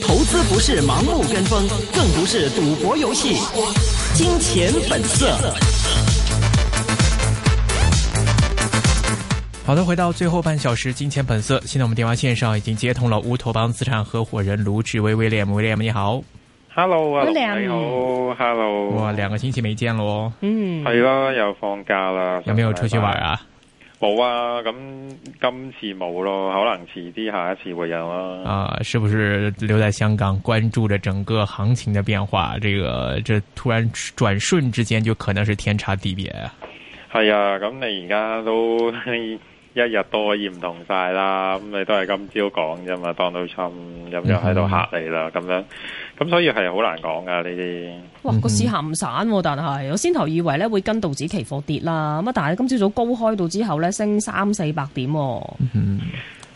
投資不是盲目跟風，更不是賭博遊戲。金錢本色。 好的，回到最後半小時，金錢本色。現在我們電話線上已經接通了烏托邦資產合夥人盧志威 William，William 你好。Hello，你好，Hello, hello. 哇，兩個星期沒見咯。嗯，係啦，又放假啦。有沒有出去玩啊？ 冇啊，咁今次冇咯，可能遲啲下一次會有啊。啊，是不是留在香港關注着整個行情嘅變化？這個，這突然轉瞬之間就可能是天差地別啊。係啊，咁你而家都。一日都可以唔同曬啦，咁你都係今朝講啫嘛，當到侵咁就喺度嚇你啦，咁樣，咁所以係好難講噶呢啲。哇，個市冚散，但係我先頭以為咧會跟道指期貨跌啦，咁啊，但係今朝早高開到之後咧，升三四百點。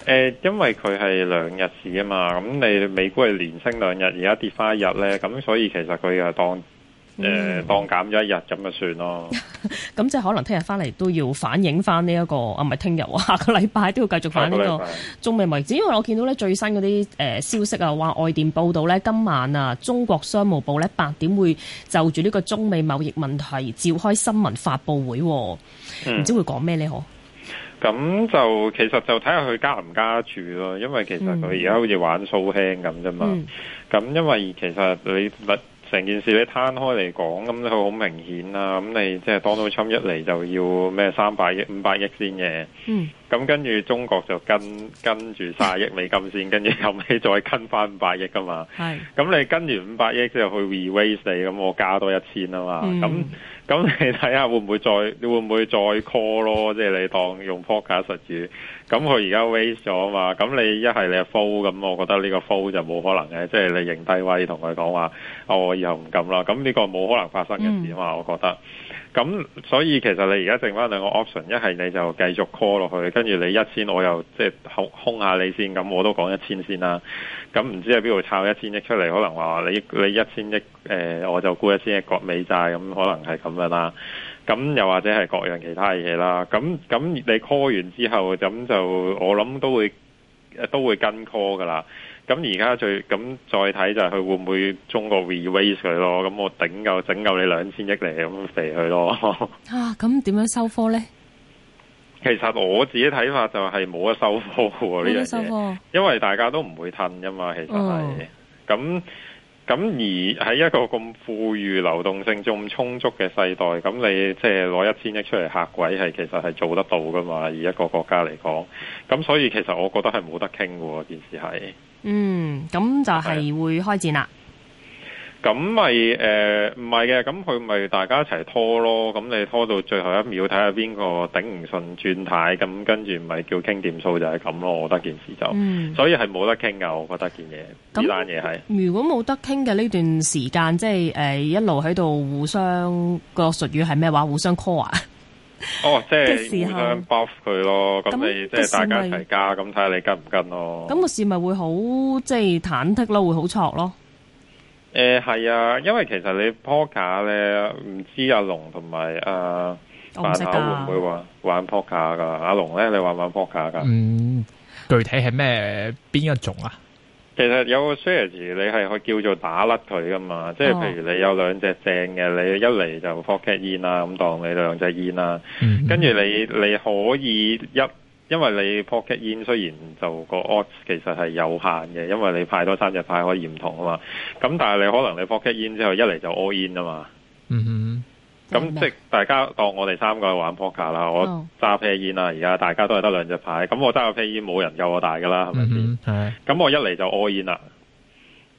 誒，因為佢係兩日市啊嘛，咁你美國係連升兩日，而家跌翻一日咧，咁所以其實佢又當。誒當、嗯、減咗一日咁就算咯。咁 即係可能聽日翻嚟都要反映翻呢一個啊，唔係聽日，下個禮拜都要繼續反映呢個中美貿易，因為我見到咧最新嗰啲誒消息啊，話外電報道咧今晚啊，中國商務部咧八點會就住呢個中美貿易問題召開新聞發佈會，唔、嗯、知會講咩呢？嗬、嗯。咁、嗯、就、嗯、其實就睇下佢加唔加注咯，因為其實佢而家好似玩粗輕咁啫嘛。咁、嗯嗯、因為其實你。成件事你攤開嚟講，咁佢好明顯啊。咁你即係當到侵一嚟就要咩三百億、五百億先嘅。嗯。咁跟住中國就跟跟住卅億美金先，跟住後尾再跟翻五百億噶嘛。係是。咁你跟完五百億之後去 re-raise 你，咁我加多一千啊嘛。咁咁、嗯、你睇下會唔會再你會唔會再 call 咯？即係你當用 poker、er、術語。咁佢而家 raise 咗嘛？咁你一係你 fold，咁我覺得呢個 fold 就冇可能嘅，即係你認低威同佢講話，我以後唔敢啦。咁呢個冇可能發生嘅事啊嘛，嗯、我覺得。咁所以其實你而家剩翻兩個 option，一係你就繼續 call 落去，跟住你一千我又即係空下你先，咁我都講一千先啦。咁唔知喺邊度抄一千億出嚟？可能話你你一千億，誒、呃、我就沽一千億國美債，咁可能係咁樣啦。咁又或者係各樣其他嘢啦。咁咁你 call 完之後，咁就我諗都會。都會跟 call 噶啦，咁而家最咁再睇就係佢會唔會中國 rebase 佢咯？咁我頂夠整夠你兩千億嚟咁肥佢咯。啊，咁點樣收科呢？其實我自己睇法就係冇得收科呢樣嘢，啊、因為大家都唔會吞噶嘛，其實係咁。嗯咁而喺一個咁富裕、流動性仲充足嘅世代，咁你即係攞一千億出嚟嚇鬼，係其實係做得到噶嘛？以一個國家嚟講，咁所以其實我覺得係冇得傾嘅喎，件事係。嗯，咁就係會開展啦。咁咪誒唔係嘅，咁佢咪大家一齊拖咯。咁你拖到最後一秒，睇下邊個頂唔順轉態，咁跟住咪叫傾掂數就係咁咯。我覺得件事就，嗯、所以係冇得傾噶。我覺得件嘢，呢單嘢係如果冇得傾嘅呢段時間，即係誒、哎、一路喺度互相個術語係咩話？互相 call 啊，哦，即、就、係、是、互相 buff 佢咯。咁你、啊、即係大家一齊加，咁睇下你跟唔跟咯。咁、那個事咪會好即係忐忑咯，會好挫咯。誒，係啊，因為其實你撲克咧，唔知阿龍同埋阿凡達會唔會玩玩撲克噶？阿龍咧，你玩唔玩撲克噶？嗯，具體係咩邊一種啊？其實有個 series 你係可以叫做打甩佢噶嘛，即係譬如你有兩隻正嘅，你一嚟就撲克煙啊，咁當你兩隻煙啊，跟住你你可以一。因為你 pocket 煙雖然就個 odds 其實係有限嘅，因為你派多三隻牌可以唔同啊嘛。咁但係你可能你 pocket 煙之後一嚟就 all in 啊嘛。Mm hmm, 嗯哼。咁的即係大家當我哋三個去玩 poker 啦，oh. 我揸啤煙啦，而家大家都係得兩隻牌，咁我揸個啤煙冇人夠我大㗎啦，係咪先？係、hmm。咁的我一嚟就 all in 啦。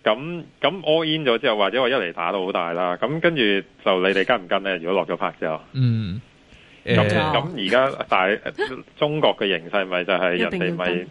咁咁 all in 咗之後，或者我一嚟打到好大啦。咁跟住就你哋跟唔跟咧？如果落咗拍之後，嗯、mm。Hmm. 咁咁而家大 中國嘅形勢咪就係人哋咪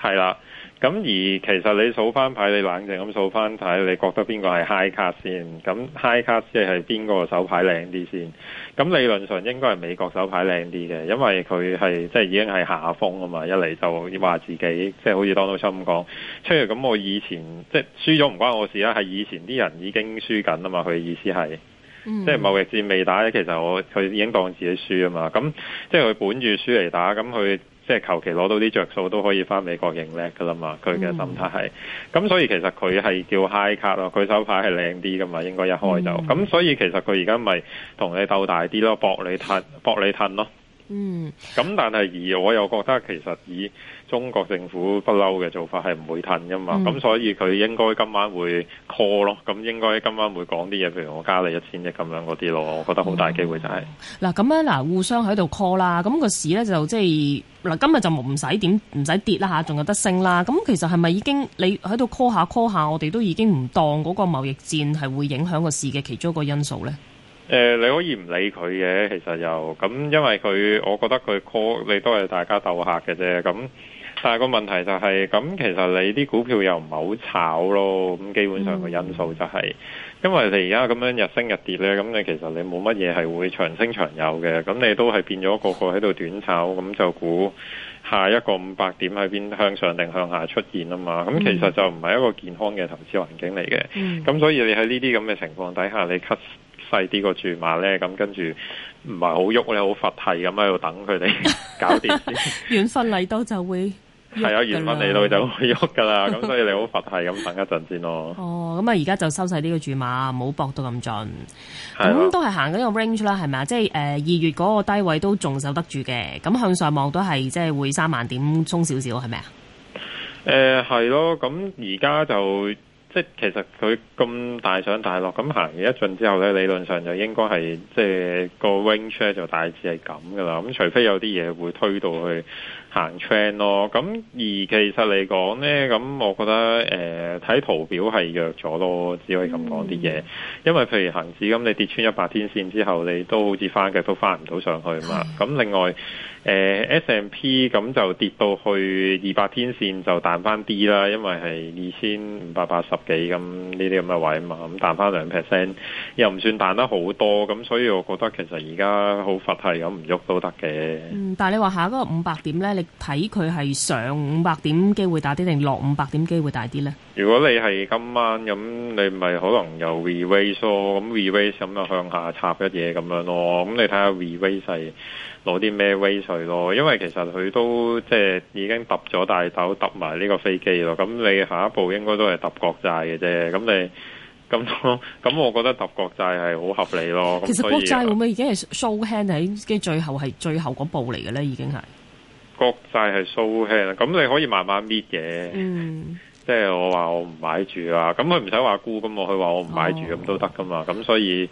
係啦？咁 而其實你數翻牌，你冷靜咁數翻睇，你覺得邊個係 high card 先？咁 high card 即係邊個手牌靚啲先？咁理論上應該係美國手牌靚啲嘅，因為佢係即係已經係下風啊嘛。一嚟就話自己即係、就是、好似 Donald Trump 講，出然咁我以前即係輸咗唔關我事啦，係以前啲人已經輸緊啊嘛。佢意思係。嗯、即係貿易戰未打，其實我佢已經當自己輸啊嘛。咁、嗯嗯、即係佢本住輸嚟打，咁佢即係求其攞到啲着數都可以翻美國認叻噶啦嘛。佢嘅心態係，咁、嗯、所以其實佢係叫 high card 咯。佢手牌係靚啲噶嘛，應該一開就。咁、嗯、所以其實佢而家咪同你鬥大啲咯，博你褪，博你褪咯。嗯。咁但係而我又覺得其實以。中國政府不嬲嘅做法係唔會褪㗎嘛，咁、嗯、所以佢應該今晚會 call 咯，咁應該今晚會講啲嘢，譬如我加你一千億咁樣嗰啲咯，我覺得好大機會就係嗱咁樣嗱，互相喺度 call 啦，咁、個市咧就即係嗱今日就唔使點唔使跌啦嚇，仲有得升啦，咁其實係咪已經你喺度 call 下 call 下，我哋都已經唔當嗰個貿易戰係會影響個市嘅其中一個因素咧？誒、呃，你可以唔理佢嘅，其實又咁，因為佢，我覺得佢 call 你都係大家鬥下嘅啫，咁。但係個問題就係、是，咁其實你啲股票又唔係好炒咯，咁基本上個因素就係、是，因為你而家咁樣日升日跌咧，咁你其實你冇乜嘢係會長升長有嘅，咁你都係變咗個個喺度短炒，咁就估下一個五百點喺邊向上定向下出現啊嘛，咁其實就唔係一個健康嘅投資環境嚟嘅。咁、嗯、所以你喺呢啲咁嘅情況底下，你 cut 細啲個注碼咧，咁跟住唔係好喐你好佛系咁喺度等佢哋 搞掂先。 緣分嚟到就會。係啊，元勳嚟到就會喐噶啦，咁 所以你好佛系咁等一陣先咯。 哦，咁啊，而家就收晒呢個注碼，唔好搏到咁盡。係 是都係行緊呢個 range 啦，係咪啊？即係誒，二月嗰個低位都仲守得住嘅，咁向上望都係即係會三萬點衝少少，係咪啊？誒、呃，係咯，咁而家就即係其實佢咁大上大落，咁行完一陣之後咧，理論上就應該係即係個 range 就大致係咁噶啦。咁除非有啲嘢會推到去。行 train 咯，咁而其實嚟講呢，咁我覺得誒睇、呃、圖表係弱咗咯，只可以咁講啲嘢。因為譬如行市咁，你跌穿一百天線之後，你都好似翻，嘅都翻唔到上去嘛。咁另外。誒 S&P 咁就跌到去二百天線就彈翻啲啦，因為係二千五百八十幾咁呢啲咁嘅位嘛，咁彈翻兩 percent 又唔算彈得好多，咁所以我覺得其實而家好佛係咁唔喐都得嘅。嗯，但係你話下嗰個五百點咧，你睇佢係上五百點機會大啲定落五百點機會大啲咧？如果你係今晚咁，你咪可能有 reverso 咁 reverso 咁啊向下插一嘢咁樣咯，咁你睇下 reverso 攞啲咩威水咯？因為其實佢都即係已經揼咗大頭，揼埋呢個飛機咯。咁你下一步應該都係揼國債嘅啫。咁你咁咁，我覺得揼國債係好合理咯。其實國債會唔會已經係 show hand，喺最後係最後嗰步嚟嘅咧？已經係？國債係 show hand，咁你可以慢慢搣嘅。嗯，即係我話我唔買住啊。咁佢唔使話沽咁，我佢話我唔買住咁都得噶嘛。咁、哦、所以。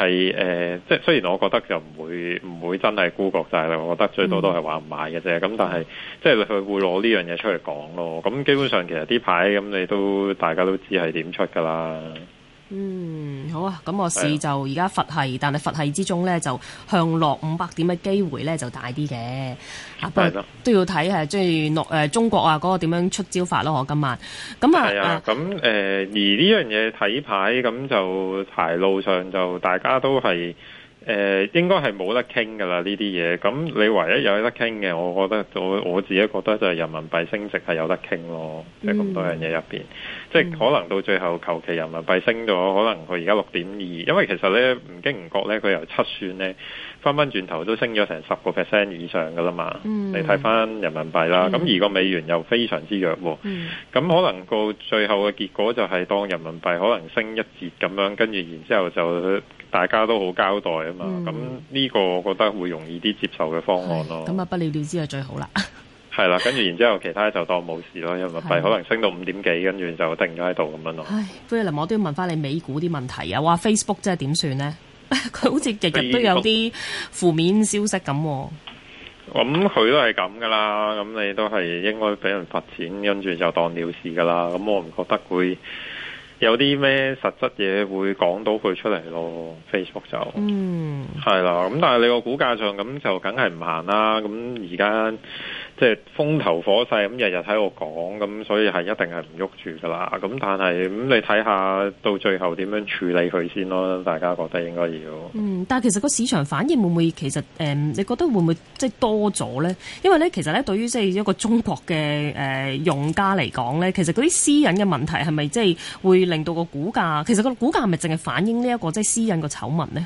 係誒、呃，即係雖然我覺得就唔會唔會真係沽國債啦，我覺得最多都係話唔買嘅啫。咁但係即係佢會攞呢樣嘢出嚟講咯。咁基本上其實啲牌呢排咁你都大家都知係點出㗎啦。嗯，好啊，咁個市就而家佛系，的但係佛系之中咧就向落五百點嘅機會咧就大啲嘅的，啊不過都要睇下，即係落誒、呃、中國啊嗰、那個點樣出招法咯，我今晚咁啊，咁誒的、啊呃、而呢樣嘢睇牌咁就牌路上就大家都係。誒、呃、應該係冇得傾嘅啦，呢啲嘢。咁你唯一有得傾嘅，我覺得我我自己覺得就係人民幣升值係有得傾咯。即係咁多樣嘢入邊，即係、嗯、可能到最後求其人民幣升咗，可能佢而家六點二。因為其實咧唔經唔覺咧，佢由七算咧。翻翻轉頭都升咗成十個 percent 以上噶啦嘛，你睇翻人民幣啦，咁而、嗯、個美元又非常之弱喎、啊，咁、嗯、可能個最後嘅結果就係當人民幣可能升一截咁樣，跟住然之後就大家都好交代啊嘛，咁呢、嗯、個我覺得會容易啲接受嘅方案咯。咁啊，不了了之係最好啦。係 啦，跟住然之後其他就當冇事咯，人民幣可能升到五點幾，跟住就定咗喺度咁樣咯。唉，菲林，我都要問翻你美股啲問題啊，話 Facebook 真係點算呢？佢 好似日日都有啲負面消息咁、嗯，咁佢都係咁噶啦。咁、嗯、你都係應該俾人罰錢，跟住就當了事噶啦。咁我唔覺得會有啲咩實質嘢會講到佢出嚟咯。Facebook 就，嗯，係、嗯、啦。咁但係你個股價上咁就梗係唔行啦。咁而家。即係風頭火勢咁，日日喺度講，咁所以係一定係唔喐住噶啦。咁但係，咁你睇下到最後點樣處理佢先咯？大家覺得應該要嗯，但係其實個市場反應會唔會其實誒、嗯？你覺得會唔會即係多咗咧？因為咧，其實咧，對於即係一個中國嘅誒、呃、用家嚟講咧，其實嗰啲私隱嘅問題係咪即係會令到個股價？其實個股價係咪淨係反映呢、這、一個即係私隱個醜聞咧？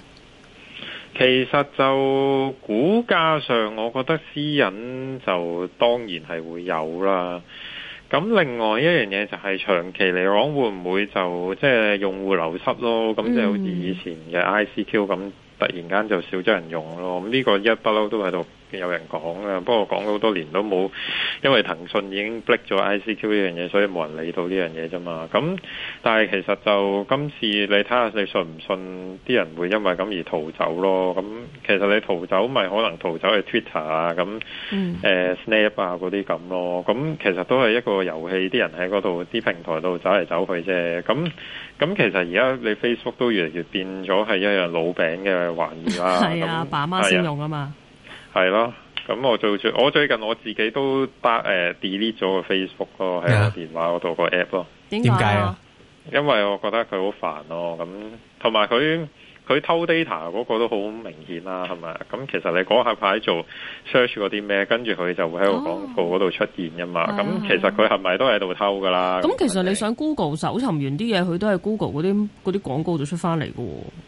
其實就股價上，我覺得私隱就當然係會有啦。咁另外一樣嘢就係長期嚟講會唔會就即係、就是、用戶流失咯？咁即係好似以前嘅 ICQ 咁，突然間就少咗人用咯。咁呢個一不嬲都喺度。有人講啦，不過講咗好多年都冇，因為騰訊已經 block 咗 ICQ 呢樣嘢，所以冇人理到呢樣嘢啫嘛。咁但係其實就今次你睇下，你信唔信啲人會因為咁而逃走咯？咁其實你逃走咪可能逃走去 Twitter 啊，咁、嗯呃、Snap 啊嗰啲咁咯。咁其實都係一個遊戲，啲人喺嗰度啲平台度走嚟走去啫。咁咁其實而家你 Facebook 都越嚟越變咗係一樣老餅嘅玩意啦。係啊， 啊爸媽先用啊嘛。 係咯，咁我最最，我最近我自己都得誒 delete 咗個 Facebook 咯，喺、呃、我電話嗰度個 app 咯。點解啊？因為我覺得佢好煩咯，咁同埋佢。佢偷 data 嗰個都好明顯啦，係咪？咁、嗯、其實你嗰下排做 search 過啲咩，跟住佢就會喺個廣告嗰度出現噶嘛。咁、哦、其實佢係咪都喺度偷噶啦？咁、嗯、其實你想 Google 搜尋完啲嘢，佢都係 Google 嗰啲啲廣告度出翻嚟噶。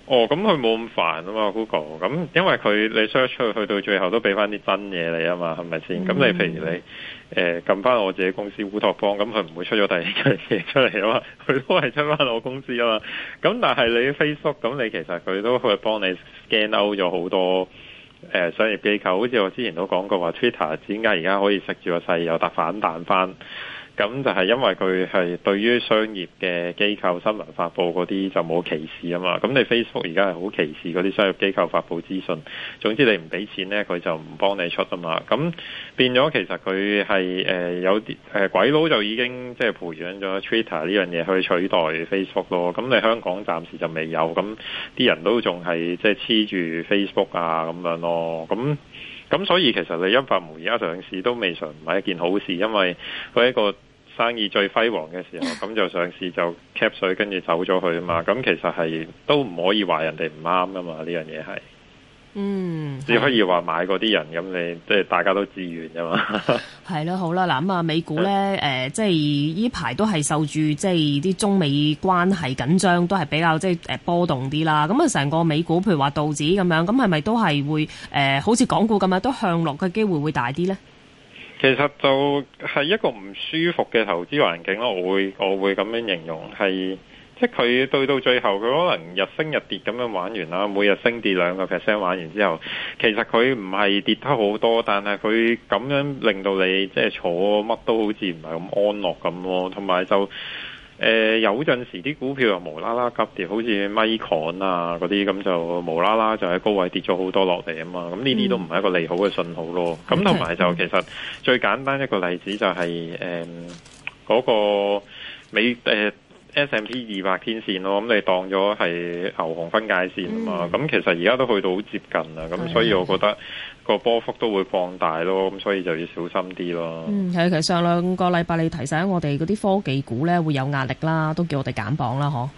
哦，咁佢冇咁煩啊嘛，Google。咁因為佢你 search 去，去到最後都俾翻啲真嘢你啊嘛，係咪先？咁你譬如你，嗯誒撳翻我自己公司烏托邦，咁佢唔會出咗第二樣嘢出嚟啊嘛，佢都係出翻我公司啊嘛。咁、嗯、但係你 Facebook，咁、嗯、你其實佢都會幫你 scan out 咗好多誒、呃、商業機構，好似我之前都講過話 Twitter，點解而家可以食住個勢又搭反彈翻？咁就係因為佢係對於商業嘅機構新聞發布嗰啲就冇歧視啊嘛，咁你 Facebook 而家係好歧視嗰啲商業機構發布資訊，總之你唔俾錢呢，佢就唔幫你出啊嘛，咁變咗其實佢係誒有啲誒鬼佬就已經即係、就是、培養咗 Twitter 呢樣嘢去取代 Facebook 咯，咁你香港暫時就未有，咁啲人都仲係即係、就、黐、是、住 Facebook 啊咁樣咯，咁咁所以其實你因發夢而家上市都未嘗唔係一件好事，因為佢係一個。生意最輝煌嘅時候，咁 就上市就 cap 水，跟住走咗去啊嘛。咁其實係都唔可以話人哋唔啱噶嘛，呢樣嘢係。嗯，只可以話買嗰啲人，咁 你即係大家都自願啫嘛。係 咯，好啦，嗱咁啊，美股咧，誒、呃，即係依排都係受住即係啲中美關係緊張，都係比較即係誒波動啲啦。咁啊，成個美股譬如話道指咁樣，咁係咪都係會誒、呃、好似港股咁啊，都向落嘅機會會大啲咧？其實就係一個唔舒服嘅投資環境咯，我會我會咁樣形容，係即係佢對到最後，佢可能日升日跌咁樣玩完啦，每日升跌兩個 percent 玩完之後，其實佢唔係跌得好多，但係佢咁樣令到你即係坐乜都好似唔係咁安樂咁咯，同埋就。誒、呃、有陣時啲股票又無啦啦急跌，好似米礦啊嗰啲咁就無啦啦就喺高位跌咗好多落地啊嘛，咁呢啲都唔係一個利好嘅信號咯。咁同埋就其實最簡單一個例子就係誒嗰個美誒、呃、S&P 二百天線咯，咁你當咗係牛熊分界線啊嘛，咁、嗯嗯、其實而家都去到好接近啦，咁所以我覺得。嗯嗯個波幅都會放大咯，咁所以就要小心啲咯。嗯，係，其實上兩個禮拜你提醒我哋嗰啲科技股呢會有壓力啦，都叫我哋減磅啦，嗬。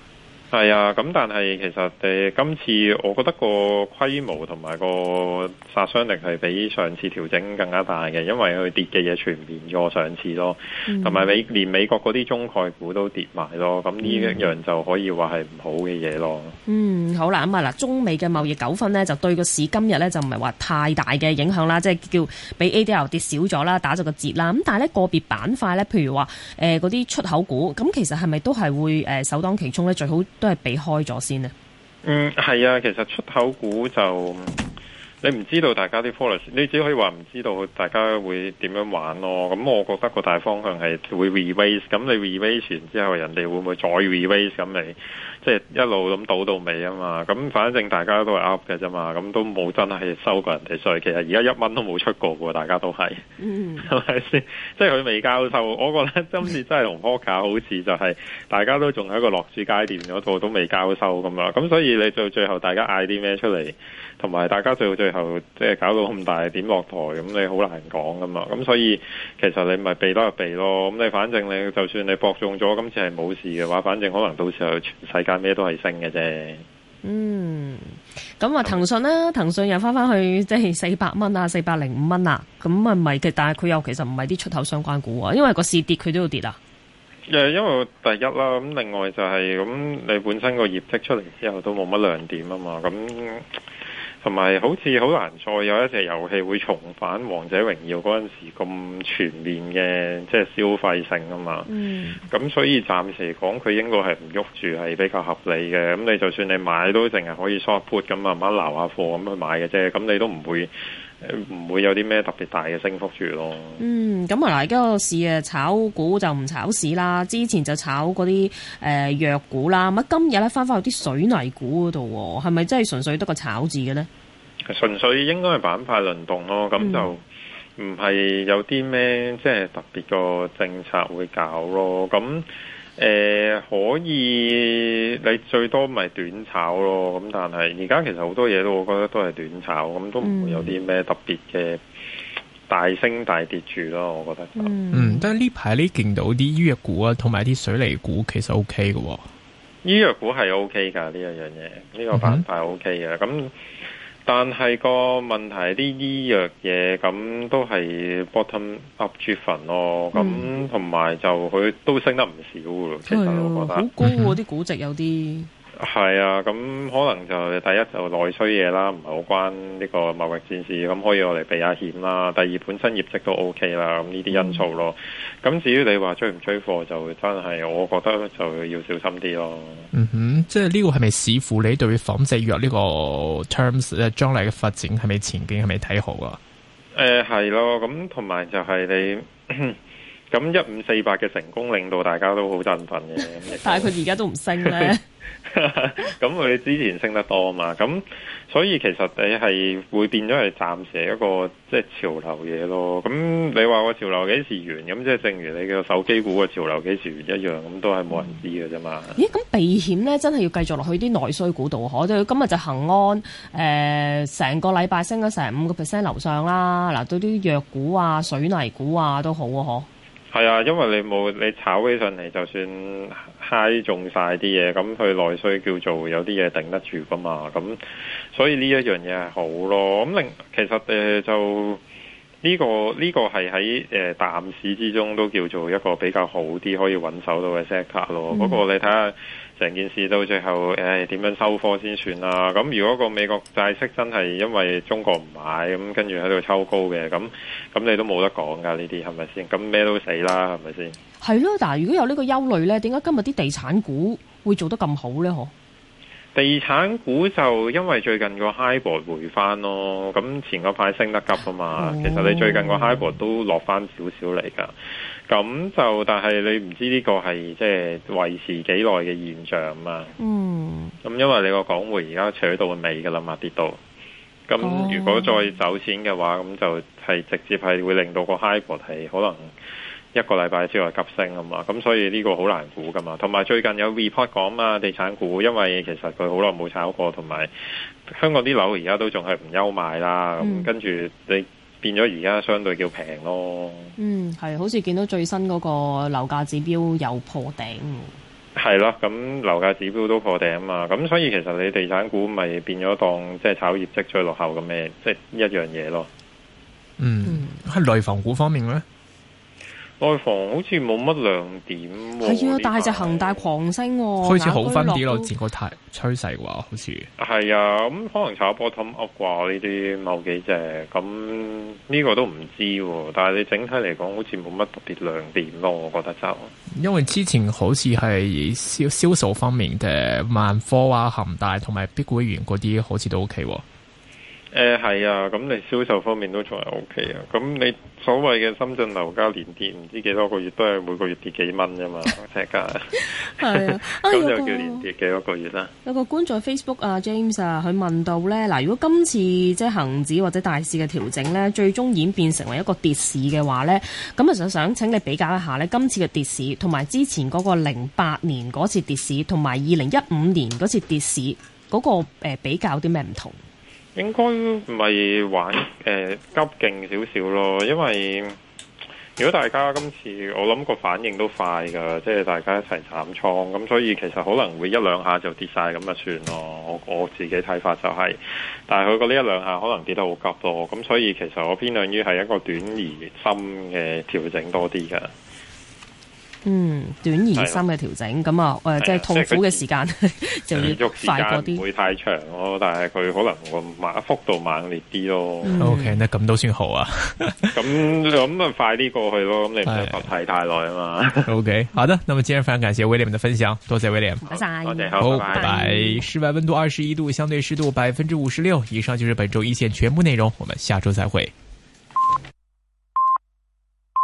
係啊，咁但係其實誒，今次我覺得個規模同埋個殺傷力係比上次調整更加大嘅，因為佢跌嘅嘢全面咗上次咯，同埋美連美國嗰啲中概股都跌埋咯，咁呢一樣就可以話係唔好嘅嘢咯。嗯，好啦，咁啊嗱，中美嘅貿易糾紛咧，就對個市今日咧就唔係話太大嘅影響啦，即係叫比 A D L 跌少咗啦，打咗個折啦。咁但係咧個別板塊咧，譬如話誒嗰啲出口股，咁其實係咪都係會誒首當其衝咧？最好都係避開咗先咧。嗯，係啊，其實出口股就。你唔知道大家啲 policy，你只可以話唔知道大家會點樣玩咯。咁我覺得個大方向係會 rebase，咁你 rebase 完之後，人哋會唔會再 rebase？咁你即係一路咁倒到尾啊嘛。咁反正大家都係 up 嘅啫嘛，咁都冇真係收過人哋稅。其實而家一蚊都冇出過嘅，大家都係，係咪先？即係佢未交收，我覺得今次真係同科價好似就係大家都仲喺個落注階段嗰度，都未交收咁啦。咁所以你就最後大家嗌啲咩出嚟？同埋大家最最後即係搞到咁大點落台咁，你好難講噶嘛。咁所以其實你咪避得避咯。咁你反正你就算你博中咗，今次係冇事嘅話，反正可能到時候全世界咩都係升嘅啫。嗯，咁話、啊、騰訊咧，騰訊又翻翻去即係四百蚊啊，四百零五蚊啊。咁啊，唔係嘅，但係佢又其實唔係啲出口相關股，因為個市跌，佢都要跌啊。因為第一啦，咁另外就係、是、咁，你本身個業績出嚟之後都冇乜亮點啊嘛，咁。同埋好似好難再有一隻遊戲會重返《王者榮耀》嗰陣時咁全面嘅，即係消費性啊嘛，咁、嗯、所以暫時講佢應該係唔喐住係比較合理嘅。咁你就算你買都淨係可以 short put 咁慢慢留下貨咁去買嘅啫，咁你都唔會。唔會有啲咩特別大嘅升幅住咯，嗯。嗯，咁啊嗱，而家個市啊，炒股就唔炒市啦。之前就炒嗰啲誒藥股啦。咁啊，今日咧翻翻去啲水泥股嗰度，係咪真係純粹得個炒字嘅咧？純粹應該係板塊輪動咯。咁就唔係有啲咩即係特別個政策會搞咯。咁、嗯。誒、呃，可以你最多咪短炒咯，咁但係而家其實好多嘢都，我覺得都係短炒，咁、嗯、都唔會有啲咩特別嘅大升大跌住咯，我覺得就。嗯，嗯，但係呢排呢見到啲醫藥股啊，同埋啲水泥股其實 O K 嘅，醫藥股係 O K 噶呢一樣嘢，呢、這個板塊 O K 嘅咁。嗯哼但係個問題，啲醫藥嘢咁都係 bottom up 股份咯，咁同埋就佢都升得唔少嘅咯，其實的我覺得好高喎啲估值有啲。 係啊，咁可能就第一就內需嘢啦，唔係好關呢個貿易戰事，咁可以我嚟避下險啦。第二本身業績都 O、OK、K 啦，咁呢啲因素咯。咁、嗯、至於你話追唔追貨，就真係我覺得就要小心啲咯。嗯哼，即係呢個係咪視乎你對仿製藥呢個 terms 咧將來嘅發展係咪前景係咪睇好啊？誒、呃，係咯，咁同埋就係你。 咁一五四八嘅成功，令到大家都好振奮嘅。 但係佢而家都唔升咧。咁佢之前升得多啊嘛，咁所以其實你係會變咗係暫時一個即係、即係、潮流嘢咯。咁你話個潮流幾時完？咁即係正如你個手機股嘅潮流幾時完一樣，咁都係冇人知嘅啫嘛。咦？咁避險咧，真係要繼續落去啲內需股度，可即今日就恒安誒，成、呃、個禮拜升咗成五個 percent 樓上啦。嗱，到啲藥股啊、水泥股啊都好啊，係啊，因為你冇你炒起上嚟，就算嗨中晒啲嘢，咁佢內需叫做有啲嘢頂得住噶嘛，咁所以呢一樣嘢係好咯。咁另其實誒、呃、就。呢、這個呢、這個係喺誒淡市之中都叫做一個比較好啲可以穩守到嘅 sector 咯。不過、嗯、你睇下成件事到最後誒點、哎、樣收科先算啦、啊。咁如果個美國債息真係因為中國唔買咁，跟住喺度抽高嘅，咁咁你都冇得講噶呢啲係咪先？咁咩都死啦，係咪先？係咯、啊，但係如果有呢個憂慮呢，點解今日啲地產股會做得咁好呢？嗬？地產股就因為最近個 high 博回翻咯，咁前個排升得急啊嘛。嗯、其實你最近 high 點點你個 high 博都落翻少少嚟噶，咁就但係你唔知呢個係即係維持幾耐嘅現象啊嘛，嗯，咁因為你個港匯而家取到尾噶啦嘛，跌到，咁如果再走錢嘅話，咁就係直接係會令到個 high 博係可能一個禮拜之內急升吖嘛，咁所以呢個好難估噶嘛。同埋最近有 report 講啊，地產股因為其實佢好耐冇炒過，同埋香港啲樓而家都仲係唔休賣啦。咁、嗯、跟住你變咗而家相對叫平咯。嗯，係好似見到最新嗰個樓價指標又破頂。係囉，咁樓價指標都破頂啊嘛。咁所以其實你地產股咪變咗當即係炒業績最落後嘅咩？即係一樣嘢咯。嗯，喺內房股方面咧？內房好似冇乜亮點，係啊，但係就恒大狂升，開始好分啲咯，整個態趨勢話好似係啊。咁可能炒波 t 屋啩？呢啲某幾隻咁呢個都唔知，但係你整體嚟講好似冇乜特別亮點咯，啊。我覺得就因為之前好似係銷銷售方面嘅萬科啊，恒大同埋碧桂園嗰啲好似都 O K，啊。誒，係、欸、啊，咁你銷售方面都仲係 O K 啊，咁你所謂嘅深圳樓價連跌唔知幾多個月，都係每個月跌幾蚊啫嘛，石價係啊，咁又 叫連跌幾多個月啦、哎。有個觀眾 Facebook 啊 James 啊，佢問到呢：嗱，如果今次即係恒指或者大市嘅調整呢，最終演變成為一個跌市嘅話呢？咁啊，就想請你比較一下呢，今次嘅跌市同埋之前嗰個零八年嗰次跌市同埋二零一五年嗰次跌市嗰、嗰個誒、呃、比較啲咩唔同？應該唔係玩誒急勁少少咯，因為如果大家今次我諗個反應都快㗎，即係大家一齊斬倉，咁所以其實可能會一兩下就跌晒，咁就算咯。我我自己睇法就係、是，但係佢個呢一兩下可能跌得好急咯，咁所以其實我偏向於係一個短而深嘅調整多啲㗎。嗯，短而深嘅調整，咁啊的，誒、嗯，即係痛苦嘅時間的 就要快過啲，唔會太長咯。但係佢可能個馬幅度猛烈啲咯。O、okay, K，那咁都算好啊。咁咁啊，快啲過去咯。咁 你唔使伏睇太耐啊嘛。 o、okay, K，好的。那麼今日非常感謝 William 嘅分享，多謝 William。阿張好，拜拜。室外温度二十一度，相對濕度百分之五十六。以上就是本周一線全部內容，我們下周再會。